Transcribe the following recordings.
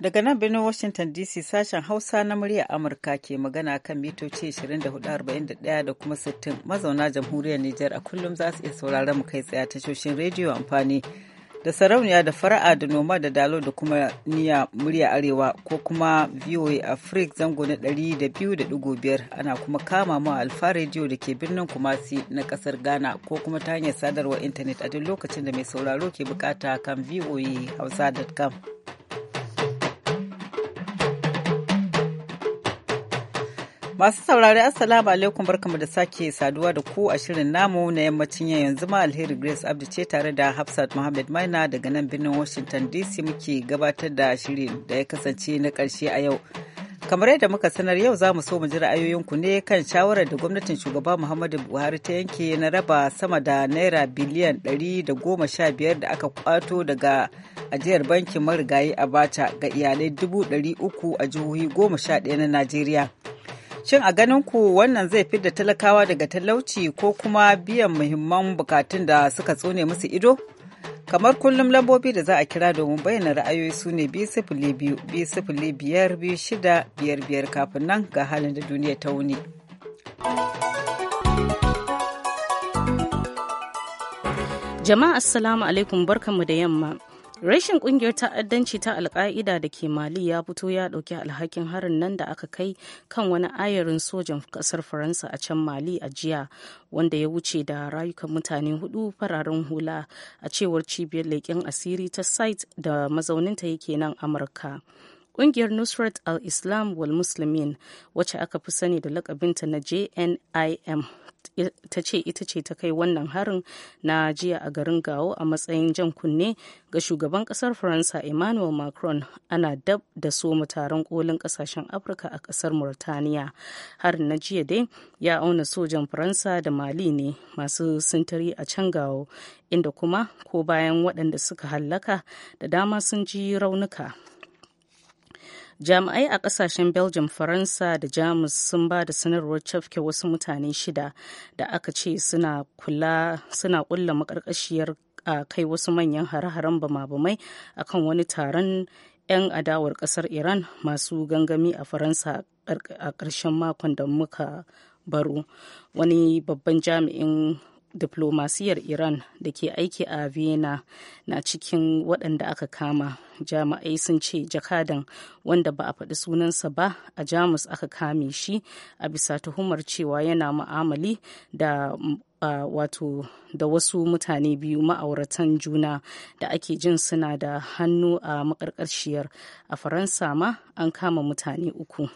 Daga nan birnin Washington DC sashen Hausa na muryar Amurka ke magana kan mitoci 24,41 da kuma 60 mazauna jamhuriyar Nijar a kullum za su iya sauraron mu kai tsaye tashoshin rediyo amfani da sarauniya da fara'a da noma da dalo da kuma niya murya arewa ko kuma VOA Africa zango na 200.5 ana kuma kama mu alfa rediyo da ke birnin Kumasi na kasar Ghana ko kuma ta hanyar sadarwar intanet a duk lokacin da mai sauraro ke bukata kan voahausa.com. Masu saurari Assalamu alaikum barkamu da sake saduwa da ku a shirin namu na yammacin yau yanzu ma alheri Grace Abdu ce tare da Hafsat Muhammad Maina daga nan birnin Washington DC muke gabatar da shirin da ya kasance na karshe a yau. Kamar yadda muka sanar yau za mu so mu ji ra'ayoyinku ne kan shawarar da gwamnatin shugaba Muhammadu Buhari ta yanke na raba sama da naira biliyan ɗari da goma sha biyar da aka kwato daga ajiyar bankin marigayi Abacha ga iyalai dubu ɗari uku a jihohi goma sha ɗaya na Najeriya. Shin a ganin ku wannan zai fi da talakawa daga talauci ko kuma biyan muhimman bukatun da suka tsone musu ido? Kamar kullum lambobi da za a kira domin bayyana ra'ayoyi su ne biyar shida biyar biyar kafin nan ga halin da duniya ta wuni. Jama'a Assalamu alaikum barkanmu da yamma. Rashin kungiyar ta'addanci ta alka'ida da ke Mali ya fito ya ɗauki alhakin harin nan da aka kai kan wani ayarin sojan ƙasar Faransa a can Mali a jiya wanda ya wuce da rayukan mutane hudu fararen hula a cewar cibiyar leƙen asiri ta site da mazauninta yake nan Amurka. Ƙungiyar Nusrat al-Islam wal Muslimin wacce aka fi sani da lakabinta na JNIM ta ce ita ce ta kai wannan harin na jiya a garin Gawo a matsayin jan kunne ga shugaban kasar Faransa Emmanuel Macron ana dab da so taron kolin kasashen Afirka a kasar Murtaniya. Harin na jiya dai ya auna sojan Faransa da Mali ne masu sintiri a can Gawo inda kuma ko bayan waɗanda suka hallaka da dama sun ji raunuka jami'ai a kasashen belgium faransa da jamus sun ba da sanarwar cafke wasu mutane shida da aka ce suna kulla makarkashiyar a kai wasu manyan hare-haren bama-bamai a kan wani taron 'yan adawar kasar iran masu gangami a faransa a ƙarshen makon da muka baro wani babban jami'in diplomasiyar iran da ke aiki a vienna na cikin waɗanda aka kama jami'ai sun ce jakadan wanda ba a faɗi sunansa ba a jamus aka kame shi a bisa tuhumar cewa yana ma'amali da uh, wato da wasu mutane biyu ma'auratan juna da ake jin suna da hannu a makarkashiyar a faransa ma an kama mutane uku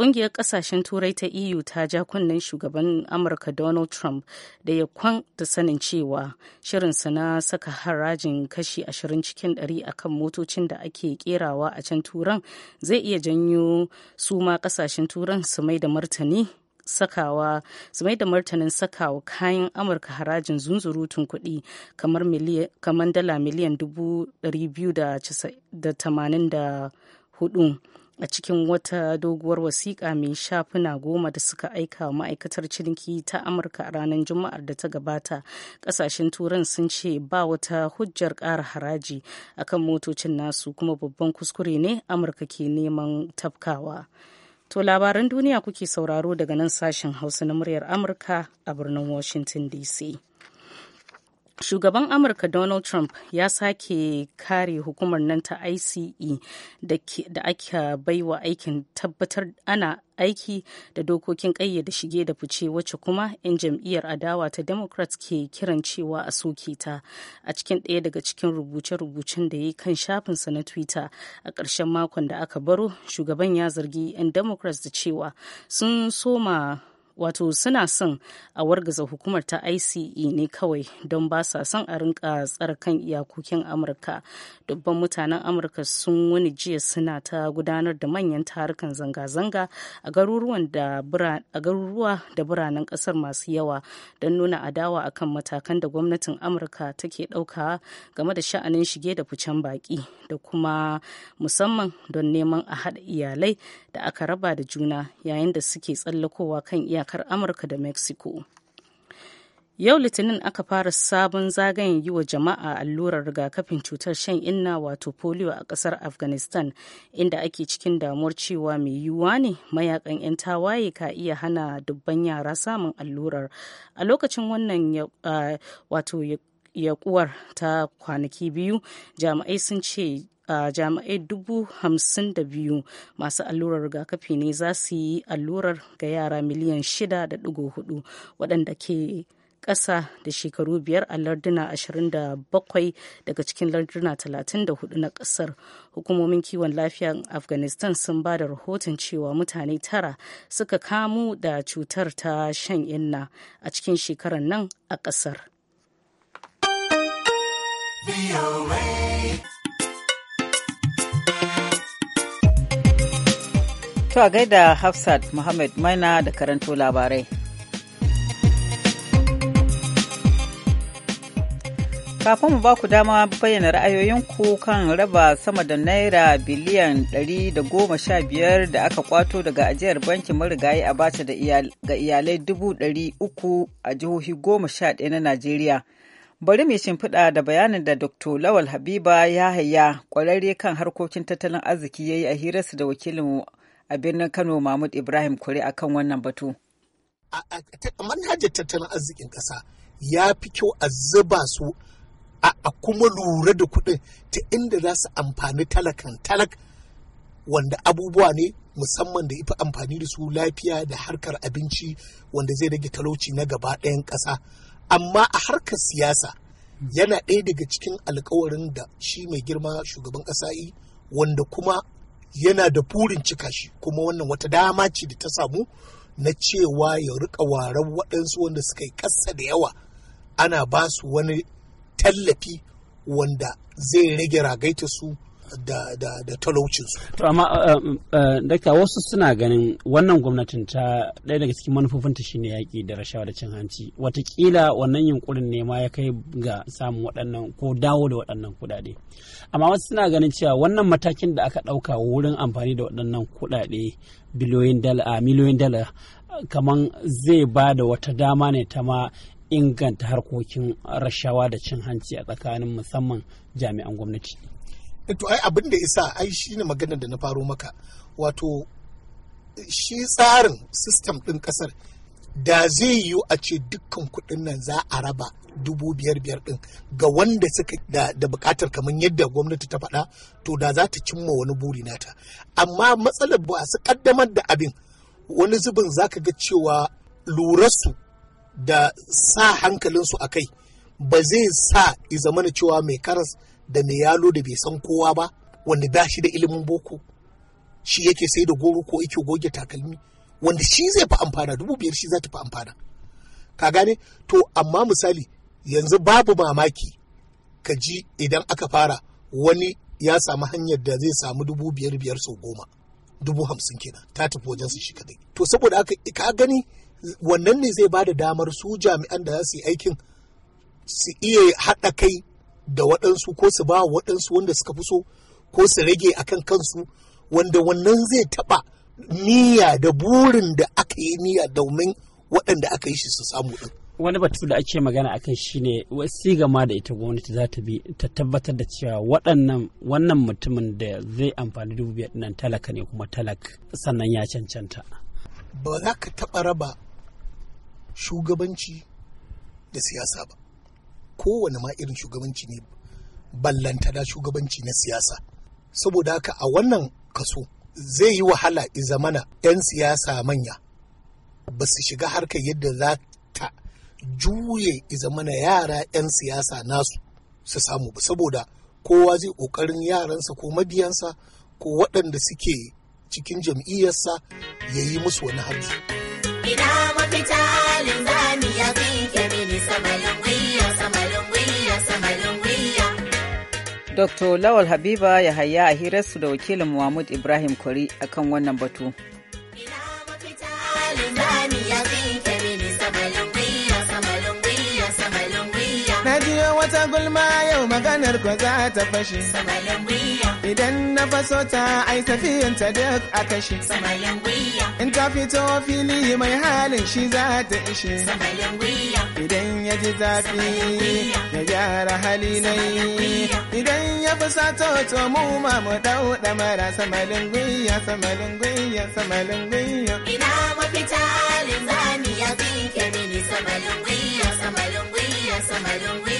Ƙungiyar ƙasashen Turai ta EU ta ja kunnen shugaban Amurka Donald Trump da ya kwan da sanin cewa shirinsa na saka harajin kashi ashirin cikin 100 akan motocin da ake kerawa a can Turan zai iya janyo su ma ƙasashen Turan su mai da martani sakawa su mai da martanin sakawa kayan amurka harajin zunzurutun kuɗi kamar dala miliyan 294 a cikin wata doguwar wasiƙa mai shafuna goma da suka aika ma'aikatar ciniki ta amurka a ranar juma'ar da ta gabata ƙasashen turan sun ce ba wata hujjar ƙara haraji akan motocin nasu kuma babban kuskure ne amurka ke neman tafkawa to labaran duniya kuke sauraro daga nan sashen hausa na muryar amurka a birnin washington dc Shugaban Amurka Donald Trump ya sake kare hukumar nan ta ICE da aka baiwa aikin tabbatar ana aiki da dokokin ƙayyade shige da fice wacce kuma 'yan jam'iyyar adawa ta democrats ke kiran cewa a soke ta a cikin ɗaya daga cikin rubuce-rubucen da ya yi kan shafinsa na twitter a ƙarshen makon da aka baro shugaban ya zargi 'yan democrats da cewa sun soma wato suna son a wargaza hukumar ta ice ne kawai don ba sa son a rinka tsare kan iyakokin amurka dubban mutanen amurka sun wani jiya suna ta gudanar da manyan tarukan zanga-zanga a garuruwa da biranen kasar masu yawa don nuna adawa akan matakan da gwamnatin amurka take ɗauka game da sha'anin shige da ficen baƙi, da kuma musamman don neman a haɗa iyalai da aka raba da juna yayin da suke tsallakowa kan iya iyakar amurka da mexico yau litinin aka fara sabon zagayen yi wa jama'a allurar rigakafin cutar shan inna wato polio a kasar afghanistan inda ake cikin damuwar cewa mai yiwuwa ne mayakan 'yan tawaye ka iya hana dubban yara samun allurar a lokacin wannan wato yakuwar ta kwanaki biyu jami'ai sun ce A jami'ai dubu hamsin da biyu masu allurar rigakafi ne za su yi allurar ga yara miliyan shida da dugo hudu waɗanda ke ƙasa da shekaru biyar a larduna 27 daga cikin larduna 34 na ƙasar hukumomin kiwon lafiya afghanistan sun ba da rahoton cewa mutane tara suka kamu da cutar ta shan inna a cikin shekarar nan a ƙasar. To a gaida Hafsat Muhammad Maina da karanto labarai. Kafin mu ba ku dama bayyana ra'ayoyinku kan raba sama da naira biliyan 115 da aka kwato daga ajiyar bankin marigayi a bace da ga iyalai 300 a jihohi 11 na Najeriya. Bari mai shimfiɗa da bayanin da Dr. Lawal Habiba ya haya kwararre kan harkokin tattalin arziki ya yi a hirarsa da wakilinmu a birnin Kano Mahmud Ibrahim Kure kan wannan batu. Manhajar tattalin arzikin ƙasa ya fi kyau a zuba su a kuma lura da kuɗin ta inda za su amfani talakan talak wanda abubuwa ne musamman da ifi amfani da su lafiya da harkar abinci wanda zai rage talauci na gaba ɗayan ƙasa amma a harkar siyasa yana ɗaya daga cikin alkawarin da shi mai girma shugaban ƙasa yi wanda kuma yana da burin cika shi kuma wannan wata dama ce da ta samu na cewa ya rika waran waɗansu wanda suka yi ƙasa da yawa ana ba su wani tallafi wanda zai rage ragaita su da, da, talaucinsu. To amma uh, uh, dakta wasu suna ganin wannan gwamnatin ta ɗaya daga cikin manufofinta shine yaƙi da rashawa da cin hanci. Watakila wannan yunkurin ne ma ya kai ga samun waɗannan ko dawo da waɗannan kuɗaɗe. Amma wasu suna ganin cewa wannan matakin da aka ɗauka wurin amfani da waɗannan kuɗaɗe biliyoyin dala miliyoyin dala kaman zai ba da wata dama ne ta ma inganta harkokin rashawa da cin hanci a tsakanin musamman jami'an gwamnati. Eh, to ai abin da isa ai ne maganar da na faro maka wato shi tsarin system ɗin ƙasar da zai yiwu a ce dukkan kuɗin nan za a raba dubu biyar biyar ɗin ga wanda suka da, da buƙatar kamar yadda gwamnati ta faɗa to da za ta cimma wani buri nata amma matsalar ba su ƙaddamar da abin wani zubin za ka ga cewa lurarsu da sa hankalinsu a kai ba zai sa izamana cewa mai karas da mai yalo da bai san kowa ba wanda ba shi da ilimin boko shi yake sai da goro ko yake goge takalmi wanda shi zai fi amfana dubu biyar shi za ta fi amfana ka gane to amma misali yanzu babu mamaki ka ji idan aka fara wani ya samu hanyar da zai samu dubu biyar biyar sau goma dubu hamsin kenan ta tafi wajen su shi kadai to saboda aka ka gani wannan ne zai ba da damar su jami'an da za su yi aikin su iya haɗa kai da waɗansu ko su ba waɗansu wanda suka fi so ko su rage a kan kansu wanda wannan zai taɓa niyya da burin da aka yi niyya domin waɗanda aka yi shi su samu ɗin. wani batu da ake magana akan ne wasi gama da ita gwamnati za ta bi ta tabbatar da cewa waɗannan wannan mutumin da zai amfani dubu biyar nan talaka ne kuma talak sannan ya cancanta ba za ka taɓa raba shugabanci da siyasa ba kowane ma irin shugabanci ne ballantana shugabanci na siyasa saboda haka a wannan kaso zai yi wahala izamana 'yan siyasa manya ba su shiga harkar yadda za ta juye izamana yara 'yan siyasa nasu su samu ba saboda kowa zai ƙoƙarin yaransa ko mabiyansa ko waɗanda suke cikin jam'iyyarsa ya yi musu wani harki. Ina mafita linzami ya fi kemini sama Dr. Lawal Habiba ya haya a hirarsu da wakilin Muhammad Ibrahim Kwari akan wannan batu. Na jiyo wata gulma yau maganar ko za ta fashe. Idan na faso ta ai tafiyan ta duk a kashe. Samayin wiya. In ta fito fili mai halin shi za ta ishe. Samayin wiya. Idan ya ji zafi ya gyara hali na Idan ya fusato to mu ma mu dau da mara samalin wiya samalin wiya samalin wiya. Ina mafita linzami ya ke mini samalin wiya samalin wiya samalin wiya.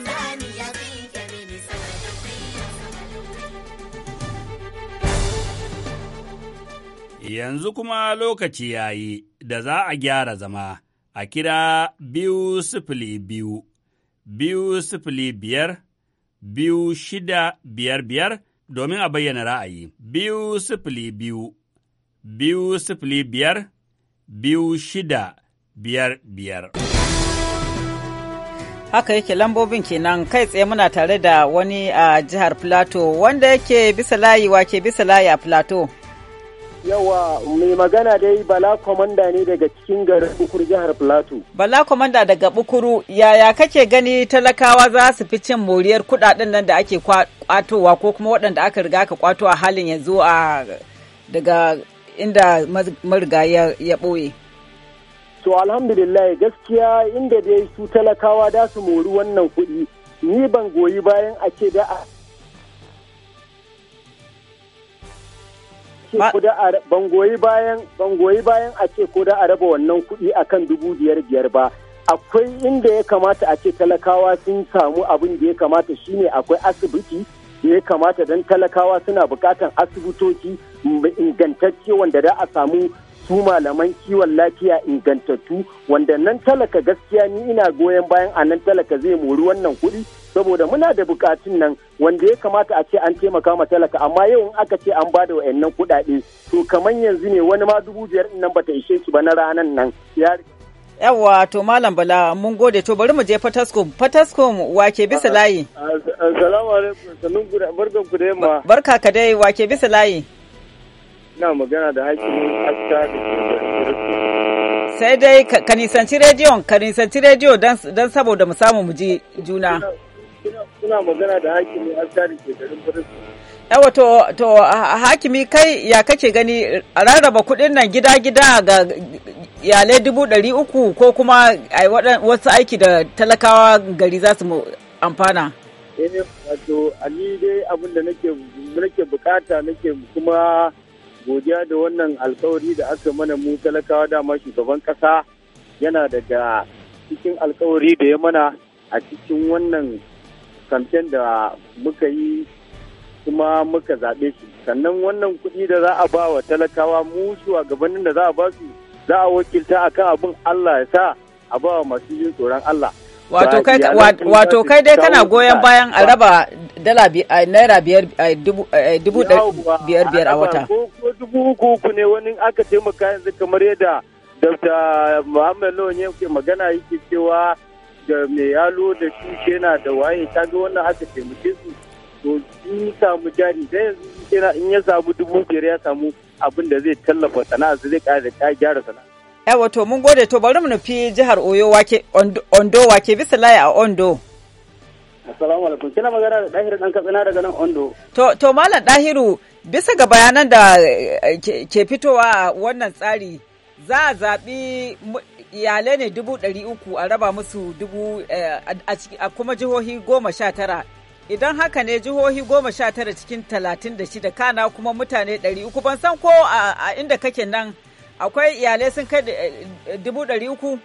Yanzu kuma lokaci ya yi da za a gyara zama a kira biyu sifili biyu, biyu sifili biyar, biyu shida biyar biyar domin a bayyana ra'ayi. Biyu sifili biyu, biyu sifili biyar, biyu shida biyar biyar. haka yake lambobin kenan kai tsaye muna tare da wani a jihar plateau wanda yake bisa layi wa ke bisa layi a plateau Yawa mai magana dai Bala Komanda ne daga cikin garin Bukuru jihar Plateau. Bala Komanda daga Bukuru yaya kake gani talakawa za su fi cin moriyar kudaden nan da ake kwatowa ko kuma waɗanda aka riga ka kwato a halin yanzu a daga inda mariga ya ɓoye. To alhamdulillah gaskiya inda dai su talakawa da su mori wannan kuɗi ni ban goyi bayan a ce da a ban goyi bayan ban a ce ko da a raba wannan kuɗi akan dubu biyar biyar ba akwai inda ya kamata a ce talakawa sun samu abin da ya kamata shine akwai asibiti da ya kamata don talakawa suna bukatan asibitoci ingantacce wanda da a samu su malaman kiwon lafiya ingantattu wanda nan talaka gaskiya ni ina goyon bayan a nan talaka zai mori wannan kuɗi saboda muna da bukatun nan wanda ya kamata a ce an taimaka ma talaka amma yau aka ce an ba da wayannan kuɗaɗe to kamar yanzu ne wani ma dubu biyar nan bata ishe shi ba na ranan nan yawa to malam bala mun gode to bari mu je fataskum fataskum wake bisa layi assalamu alaikum sannun ku barkan ku da yamma barka ka dai wake bisa layi ina magana da hakimin aska da sai dai ka nisanci rediyon ka nisanci rediyo don saboda mu samu mu ji juna kuna magana da hakimi tari ke garin Birnin. Yawa to, to hakimi kai ya kace gani rarraba kuɗin nan gida-gida ga yale dubu ɗari uku ko kuma wasu aiki da talakawa gari za su amfana. Eh, wato, Ali dai abin da nake bukata nake kuma godiya da wannan alkawari da aka mana mu talakawa dama shugaban kasa yana daga cikin alkawari da ya mana a cikin wannan kamfen da muka yi kuma muka zaɓe shi sannan wannan kuɗi da za a ba wa talakawa mu gabanin da za a ba su za a wakilta a kan abin Allah ya sa a ba wa masu yin tsoron Allah wato kai dai kana goyon bayan a raba dala naira biyar dubu biyar biyar a wata ko dubu uku uku ne wani aka taimaka yanzu kamar yadda dr muhammad lawan yake magana yake cewa da mai yalo da shi na da waye ta ga wannan haka taimake su to in samu jari da yanzu in ya samu dubu biyar ya samu abin da zai tallafa sana'a zai kare da gyara sana'a. Yawa eh, to mun gode to bari mu nufi jihar Oyo wake Ondo wake bisa layi a Ondo. Assalamu alaikum kina magana da Dahiru dan Katsina daga nan Ondo. To to malam Dahiru bisa ga bayanan da eh, ke fitowa a wannan tsari za a zaɓi iyalai ne dubu ɗari uku a raba musu dubu eh, a kuma jihohi goma sha tara idan haka ne jihohi goma sha tara cikin talatin da shida kana kuma mutane ɗari uku ban san ko a inda kake nan akwai iyalai sun kai eh, dubu ɗari uku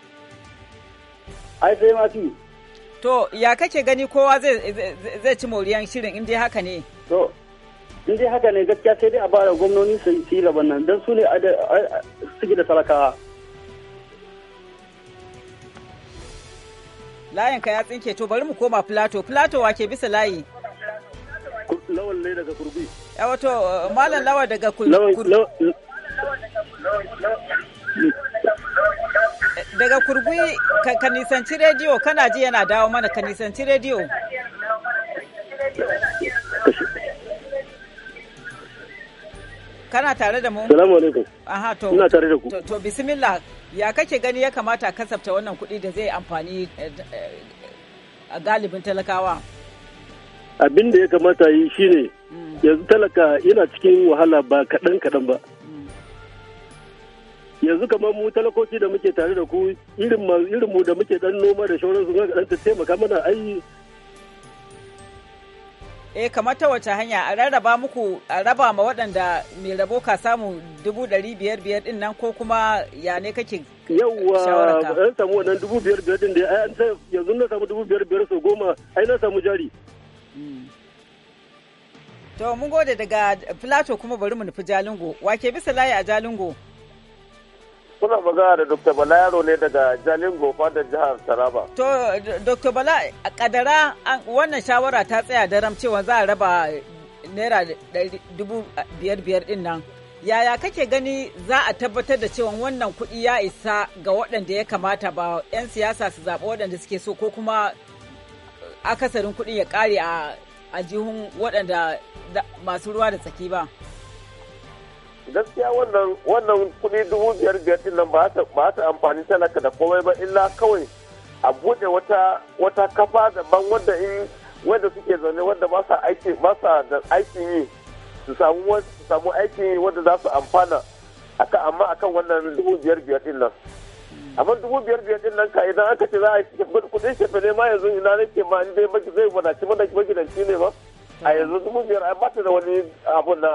ai sai mati to ya kake gani kowa zai ci moriyan shirin inda haka ne to inda haka ne gaskiya sai dai a bara gwamnoni su yi laban nan don su ne suke da talakawa Layin ka ya tsinke to bari mu koma Plato. Plato wake bisa layi. Lawan ne daga Kurbi. Ya wato eh, Malam Lawa eh, daga Kurbi. Daga Kurbi ka nisanci rediyo kana ji yana dawo mana ka nisanci rediyo. Kana tare da mu? Salamu alaikum. Aha to. Ina tare da ku. To, to bismillah ya kake gani ya kamata kasafta wannan kuɗi da zai amfani eh, eh, a galibin talakawa? Abin da ya kamata yi shi ne. Mm. yanzu talaka yana cikin wahala ba kaɗan kaɗan ba. Mm. yanzu kamar mu talakoci da muke tare da ku irin mu da muke dan noma da shauransu ga ta taimaka mana ai eh kamar ta wace hanya a rarraba muku a raba ma waɗanda mai rabo ka samu dubu ɗari biyar biyar ɗin nan ko kuma ya ne kake eh, yawwa an samu wannan dubu biyar biyar ɗin da an yanzu na samu dubu biyar biyar sau goma ai na samu jari. Hmm. to mun gode daga filato kuma bari mu nufi jalingo wake bisa layi a jalingo. kuna magana da Dr. Bala Yaro ne daga Jalin Gofa da jihar Taraba. To, Dr. Bala, a kadara wannan shawara ta tsaya daram cewa za a raba naira dubu biyar biyar din nan. Yaya kake gani za a tabbatar da cewa wannan kuɗi ya isa ga waɗanda ya kamata ba 'yan siyasa su zaɓi waɗanda suke so ko kuma akasarin kuɗi ya ƙare a jihun waɗanda masu ruwa da tsaki ba? gaskiya wannan wannan kudi dubu biyar biyar din nan ba ta amfani talaka da komai ba illa kawai a buɗe wata wata kafa daban wadda in wadda suke zaune wadda ba sa aiki ba sa da aikin yi su samu su samu aikin yi wadda za su amfana aka amma akan wannan dubu biyar biyar din nan amma dubu biyar biyar din nan ka idan aka ce za a kuɗin shafe ne ma yanzu ina nake ma in dai zai wadaci magidanci ne ba a yanzu dubu biyar ba ta da wani abun na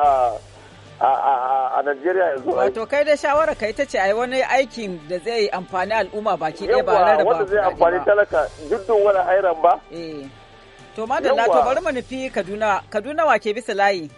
a Najeriya yanzu. Wato kai da shawara ka ita ce a wani aikin da zai amfani al'umma baki ɗaya ba rarraba. Wanda zai amfani talaka duddun wani hairan ba. Eh. To madalla to bari mu nufi Kaduna Kaduna wa ke bisa layi.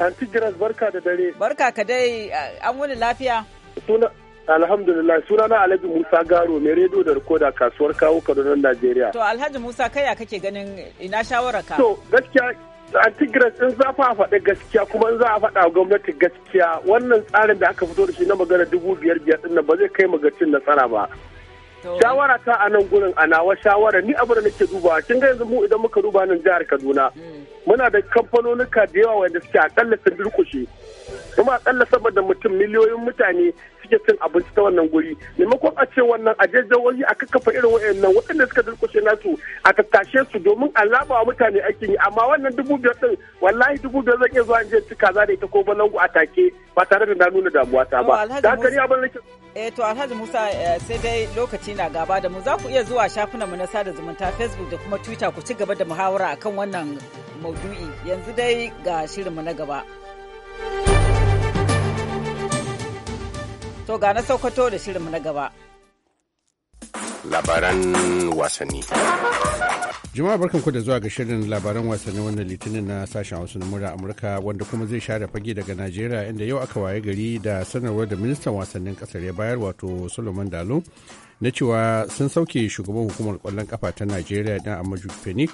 Anti Giras barka da dare. Barka ka dai an wuni lafiya. Suna Alhamdulillah sunana Alhaji Musa Garo mai rediyo da rikoda kasuwar kawo Kaduna Najeriya. To Alhaji Musa kai ya kake ganin ina shawararka? To gaskiya a tigres in za fa faɗa gaskiya kuma in za a faɗa gwamnati gaskiya wannan tsarin da aka fito da shi na magana dubu biyar biyar din ba zai kai magacin nasara ba shawara ta a nan gurin a nawa shawara ni abu da nake dubawa kin ga yanzu mu idan muka duba nan jihar Kaduna hmm. muna da kamfanonuka da yawa wanda suke akalla sun durkushe kuma akalla saboda mutum miliyoyin mutane suke cin abinci ta wannan guri maimakon a ce wannan a wani a kakkafa irin wa'annan waɗanda suka durkushe nasu a kakkashe su domin a laba wa mutane aikin yi amma wannan dubu biyar din wallahi dubu biyar zan iya zuwa in je ci kaza da ita ko balangu a take ba tare da na nuna damuwa ta ba da haka ni abin eh to Alhaji Musa eh, sai dai lokaci na gaba da mu za ku iya zuwa mu na sada zumunta Facebook da kuma Twitter ku ci gaba da muhawara akan wannan maudu'i yanzu dai ga shirinmu na gaba. To ga na Sokoto da shirinmu na gaba. Labaran wasanni. Juma'a barkanku da zuwa ga shirin labaran wasanni wannan litinin na sashen Hausa na murar Amurka wanda kuma zai share fage daga Najeriya inda yau aka waye gari da sanarwar da ministan wasannin kasar ya bayar wato Solomon Dalo na cewa sun sauke shugaban hukumar kwallon kafa ta najeriya dan amaju fenik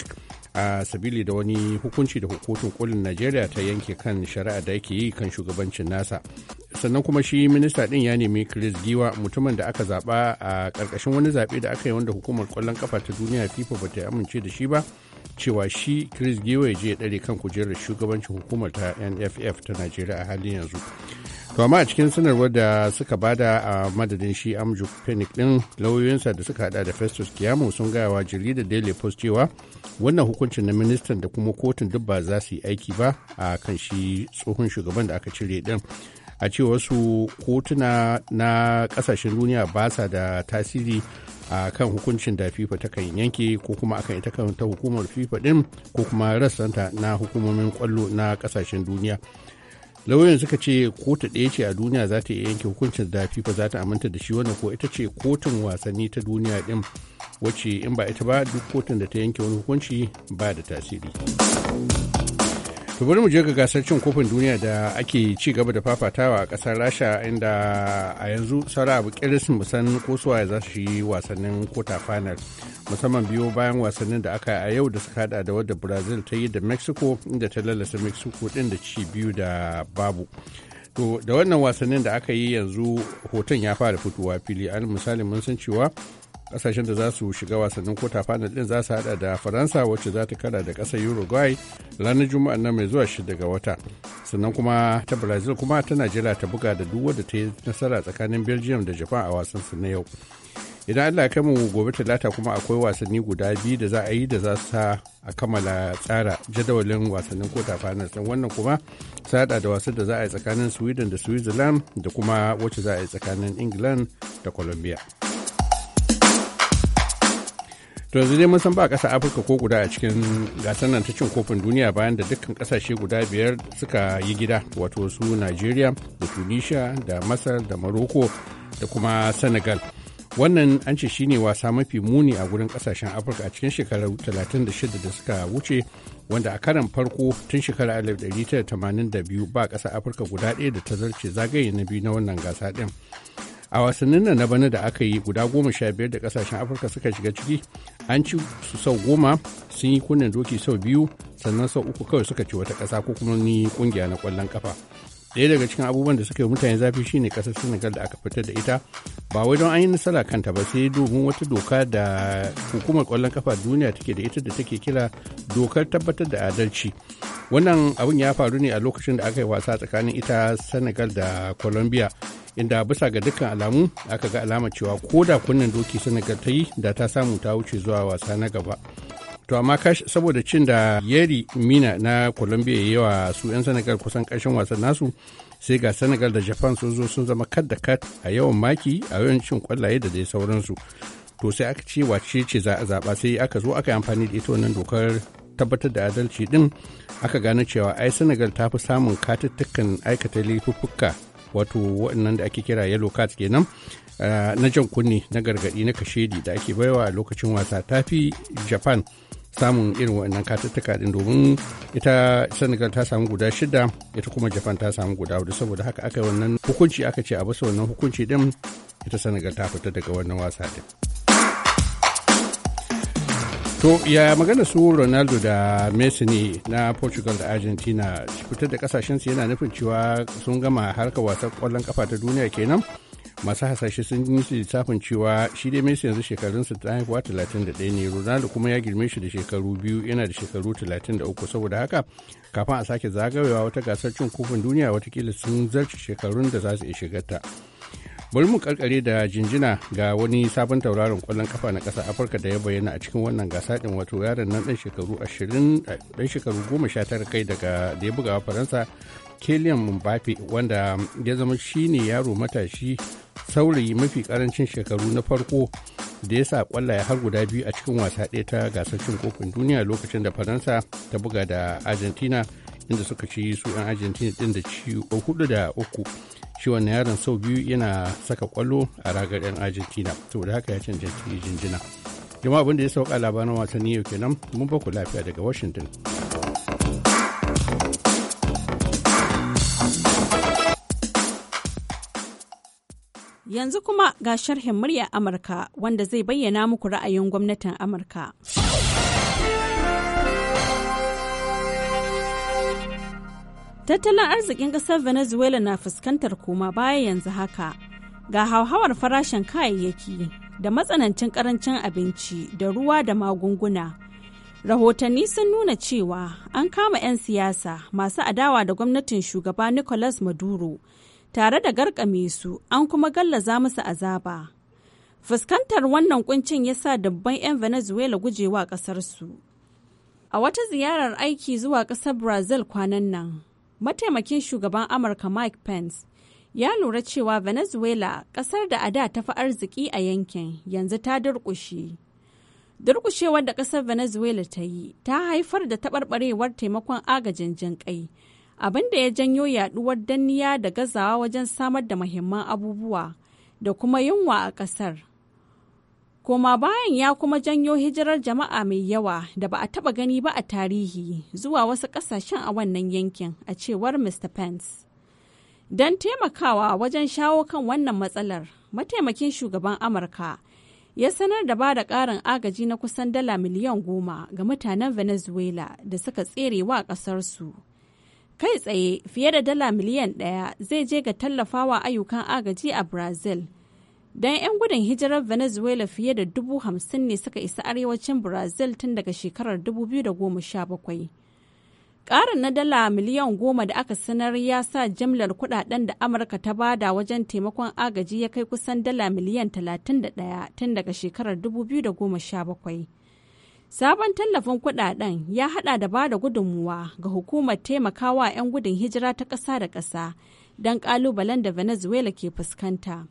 a sabili da wani hukunci da kotun kolin najeriya ta yanke kan shari'a da yake yi kan shugabancin nasa sannan kuma shi minista din ya nemi chris giwa mutumin da aka zaba a karkashin wani zaɓe da aka yi wanda hukumar kwallon kafa ta duniya fifa ba ta amince da shi ba cewa shi chris giwa ya je ya ɗare kan kujerar shugabancin hukumar ta nff ta najeriya a halin yanzu To a cikin sanarwar da suka bada a madadin shi Amju Phoenix din lauyoyinsa da suka hada da Festus kiyamu sun gaya wa jaridar Daily Post cewa wannan hukuncin na ministan da kuma kotun duk ba za su yi aiki ba a kan shi tsohon shugaban da aka cire din. A ce wasu kotuna na kasashen duniya ba sa da tasiri a kan hukuncin da FIFA ta kan yanke ko kuma akan ita kan ta hukumar FIFA din ko kuma rassanta na hukumomin kwallo na kasashen duniya. lauyoyin suka ce kotu ɗaya ce a duniya za ta iya yanke hukuncin da fifa za ta aminta da shi wannan ko ita ce kotun wasanni ta duniya ɗin wacce in ba ita ba duk kotun da ta yanke wani hukunci ba da tasiri. to bari mu je ga gasar cin kofin duniya da ake ci gaba da fafatawa a kasar rasha inda a yanzu saura abu kirisin musan ko suwaye za su yi wasannin kota final musamman biyo bayan wasannin da aka a yau da suka hada da wadda brazil ta yi da mexico inda ta lalasa mexico din da ci biyu da babu to da wannan wasannin da aka yi yanzu hoton ya fara fitowa fili al misali mun san cewa kasashen da za su shiga wasannin kota final din za su hada da faransa wacce za ta kara da kasar uruguay ranar juma'a nan mai zuwa shida ga wata sannan kuma ta brazil kuma ta najeriya ta buga da duk wadda ta yi nasara tsakanin belgium da japan a wasan su na yau idan allah ya kaimu gobe talata kuma akwai wasanni guda biyu da za a yi da za su sa a kammala tsara jadawalin wasannin kota final din wannan kuma ta hada da wasan da za a yi tsakanin sweden da switzerland da kuma wacce za a yi tsakanin england da colombia to yanzu dai mun san ba ƙasa afirka ko guda a cikin gasar nan ta cin kofin duniya bayan da dukkan ƙasashe guda biyar suka yi gida wato su nigeria da tunisia da masar da morocco da kuma senegal wannan an ce shine wasa mafi muni a gurin kasashen afirka a cikin shekarar 36 da suka wuce wanda a karan farko tun shekarar 1982 ba ƙasa afirka guda ɗaya da ta zarce zagaye na biyu na wannan gasa ɗin a wasannin nan na bana da aka yi guda goma sha biyar da kasashen afirka suka shiga ciki an ci su sau goma sun yi kunnen doki sau biyu sannan sau uku kawai suka ci wata kasa ko kuma ni kungiya na kwallon kafa ɗaya daga cikin abubuwan da suka yi mutane zafi shine kasar senegal da aka fitar da ita ba wai don an yi nasara kanta ba sai domin wata doka da hukumar ƙwallon kafa duniya take da ita da take kira dokar tabbatar da adalci wannan abin ya faru ne a lokacin da aka yi wasa tsakanin ita senegal da colombia inda bisa ga dukkan alamu aka ga alama cewa ko da kunnen doki senegal ta yi da ta samu ta wuce zuwa wasa na gaba to amma saboda cin da yeri mina na colombia ya yi wa su 'yan senegal kusan ƙarshen wasan nasu sai ga senegal da japan sun zo sun zama kat da kat a yawan maki a yawan cin kwallaye da dai sauransu to sai aka ce wace ce za a zaɓa sai aka zo aka yi amfani da ita wannan dokar tabbatar da adalci din aka gane cewa ai senegal ta fi samun katuttukan aikata laifuffuka wato waɗannan da ake kira yellow card kenan eh, na jan kunne na gargaɗi na kashedi da ake baiwa a lokacin wasa tafi japan samun irin waɗannan katattaka ɗin domin ita senegal ta samu guda shida ita kuma japan ta samu guda hudu saboda haka aka yi wannan hukunci aka ce a basu wannan hukunci ɗin ita senegal ta fita daga wannan wasa ɗin. To yaya magana su Ronaldo da Messi ne na Portugal da Argentina fitar da kasashen su yana nufin cewa sun gama harkar wasan kwallon kafa ta duniya kenan? Masu hasashe sun yi lissafin cewa shi dai Messi yanzu shekarunsa ta haihuwa 31 ne, Ronaldo kuma ya girme shi da shekaru biyu yana da shekaru 33 saboda haka kafin a sake zagayowa wata gasar cin kofin duniya watakila sun zarce shekarun da za su iya shigarta. ta. bari mu karkare da jinjina ga wani sabon tauraron kwallon kafa na kasa afirka da ya bayyana a cikin wannan gasa din wato yaron nan dan shekaru 20 dan shekaru 19 kai daga da ya bugawa faransa Kylian Mbappe wanda ya zama shine yaro matashi saurayi mafi karancin shekaru na farko da ya sa kwallaye har guda biyu a cikin wasa ɗaya ta gasar cin kofin duniya lokacin da faransa ta buga da argentina inda suka ci su 'yan argentina ɗin da ci hudu da uku shi wannan yaron sau biyu yana saka kwallo a ragar 'yan argentina da haka ya cancanci jinjina jama'a abin ya sauka labaran wasanni yau kenan mun baku lafiya daga washington yanzu kuma ga sharhin murya amurka wanda zai bayyana muku ra'ayin gwamnatin amurka Tattalin arzikin ƙasar Venezuela na fuskantar koma baya yanzu haka ga hauhawar farashin kayayyaki da matsanancin ƙarancin abinci da ruwa da magunguna. Rahotanni sun nuna cewa an kama 'yan siyasa masu adawa da gwamnatin shugaba Nicolas Maduro tare da garkame su an kuma gallaza musu azaba. Fuskantar wannan kuncin ya sa dabban 'yan Venezuela gujewa ƙasarsu. A wata ziyarar aiki zuwa ƙasar Brazil kwanan nan, mataimakin shugaban amurka mike pence ya lura cewa venezuela kasar da a da ta fi arziki a yankin yanzu ta durkushe durkushewar da kasar venezuela ta yi ta haifar da taɓarɓarewar taimakon agajin jin kai abinda ya janyo yaɗuwar danniya da gazawa wajen samar da muhimman abubuwa da kuma yunwa a kasar Koma bayan ya kuma janyo hijirar jama'a mai yawa da ba a taba gani ba a tarihi zuwa wasu kasashen a wannan yankin a cewar Mr. Pence. Don taimakawa wajen shawo kan wannan matsalar, mataimakin shugaban Amurka ya sanar da ba da ƙarin agaji na kusan dala miliyan goma ga mutanen Venezuela da suka tsere wa ƙasarsu. Kai tsaye fiye da dala miliyan ɗaya zai je ga tallafawa ayyukan agaji a Brazil. dan 'yan gudun hijirar venezuela fiye da dubu hamsin ne suka isa arewacin brazil tun daga shekarar 2017 ƙarin na dala miliyan goma da aka sanar ya sa jimlar kudaden da amurka ta bada wajen taimakon agaji ya kai kusan dala miliyan 31 tun daga shekarar 2017 Sabon tallafin kudaden ya hada da ba da gudunmuwa ga hukumar taimakawa 'yan gudun hijira ta ƙasa da ƙasa don ƙalubalen da Venezuela ke fuskanta.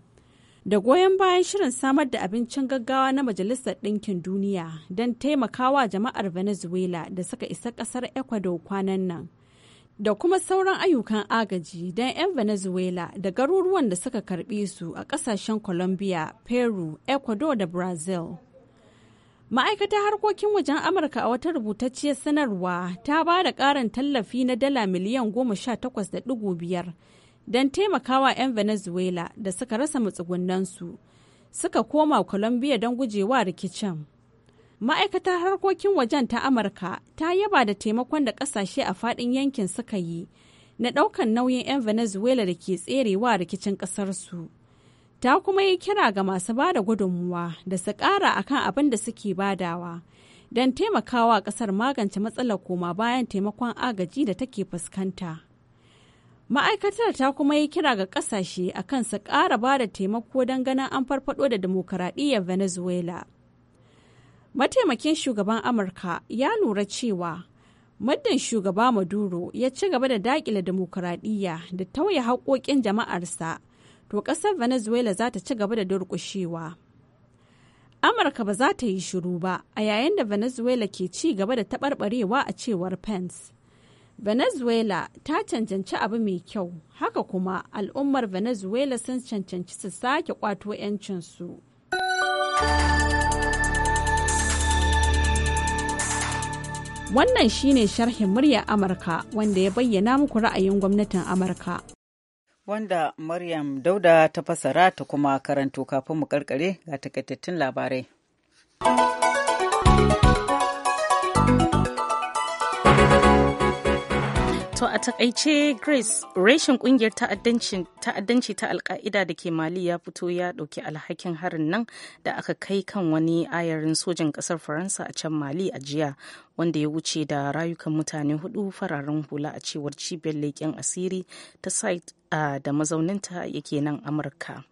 da goyon bayan shirin samar da abincin gaggawa na Majalisar Ɗinkin Duniya don taimakawa jama'ar Venezuela da suka isa ƙasar Ecuador kwanan nan. Da kuma sauran ayyukan agaji don 'yan Venezuela da garuruwan da suka karbi su a ƙasashen Colombia, Peru, Ecuador da Brazil. Ma'aikatar harkokin wajen Amurka a wata rubutacciyar sanarwa ta ba da ƙarin tallafi na dala miliyan goma don taimakawa 'yan venezuela da suka rasa matsugunansu suka koma colombia don gujewa rikicin ma'aikatar harkokin wajen ta amurka ta yaba da taimakon da kasashe a fadin yankin suka yi na daukan nauyin 'yan venezuela da ke tserewa rikicin kasarsu ta kuma yi kira ga masu bada da gudunmuwa da su kara akan abin da suke badawa don taimakawa kasar magance matsalar koma bayan taimakon agaji da take fuskanta. ma'aikatar ta kuma yi kira ga kasashe a kan su ƙara ba da taimako don ganin an farfado da demokaradiyyar venezuela mataimakin shugaban amurka ya lura cewa muddin shugaba maduro ya ci gaba da daƙile demokaradiyya da tauye haƙoƙin jama'arsa to ƙasar venezuela za ta ci gaba da durƙushewa amurka ba za ta yi shiru ba a yayin da venezuela ke ci gaba da taɓarɓarewa a cewar pence venezuela ta cancanci abu mai kyau haka kuma al'ummar venezuela sun cancanci su sake kwato 'yancinsu wannan shine sharhin muryar amurka wanda ya bayyana muku ra'ayin gwamnatin amurka wanda maryam dauda ta fasara ta kuma karanto kafin mu karkare ga takaitattun labarai a takaice Grace reshen kungiyar ta'addanci ta alka'ida da ke Mali ya fito ya ɗauki alhakin harin nan da aka kai kan wani ayarin sojan ƙasar Faransa a can Mali a jiya wanda ya wuce da rayukan mutane hudu fararen hula a cewar cibiyar leƙen asiri ta site da mazauninta yake nan Amurka.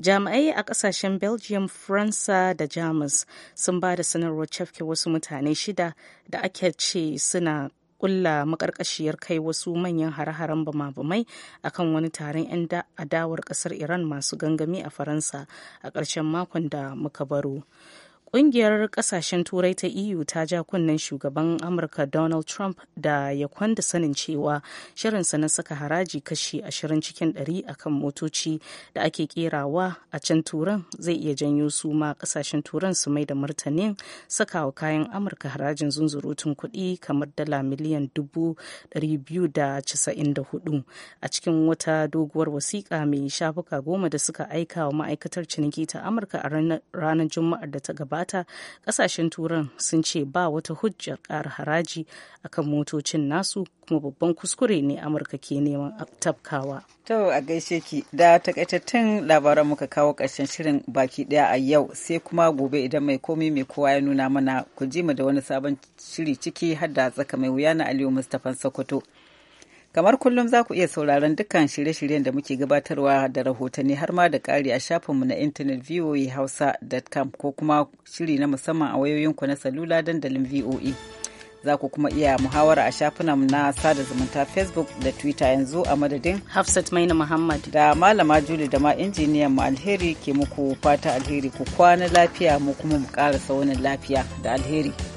jami'ai a kasashen belgium faransa da jamus sun ba da sanarwar cafke wasu mutane shida da ake ce suna kulla makarkashiyar kai wasu manyan hare-haren bama-bamai a kan wani taron 'yan adawar kasar iran masu gangami a faransa a ƙarshen makon da muka baro Ƙungiyar ƙasashen Turai ta EU ta ja kunnen shugaban Amurka Donald Trump da ya kwanda sanin cewa shirinsa na saka haraji kashi ashirin cikin 100 akan motoci da ake kerawa a can Turan zai iya janyo su ma ƙasashen Turan su mai da martanin sakawa kayan Amurka harajin zunzurutun kuɗi kamar dala miliyan dubu biyu da da casa'in 294 a cikin wata doguwar wasiƙa mai shafuka goma da suka aika wa ma'aikatar ciniki ta Amurka a ranar Juma'ar da ta gabata. gabata kasashen turan sun ce ba wata hujjar kara haraji akan motocin nasu kuma babban kuskure ne amurka ke neman tafkawa to a gaishe ki da takaitattun labaran muka kawo ƙarshen shirin baki ɗaya a yau sai kuma gobe idan mai komi mai kowa ya nuna mana ku ji mu da wani sabon shiri ciki har da tsaka mai wuya na aliyu mustapha sokoto Kamar kullum za ku iya sauraron dukkan shirye-shiryen da muke gabatarwa da rahotanni har ma da ƙari a shafinmu na intanet voahausa.com ko kuma shiri na musamman a wayoyinku na salula dandalin VOA. Za ku kuma iya muhawara a shafinmu na sada zumunta Facebook da Twitter yanzu a madadin Hafsat Maina Muhammad da Malama Juli da ma injiniyan mu alheri ke muku fata alheri ku kwana lafiya mu kuma mu ƙara wani lafiya da alheri.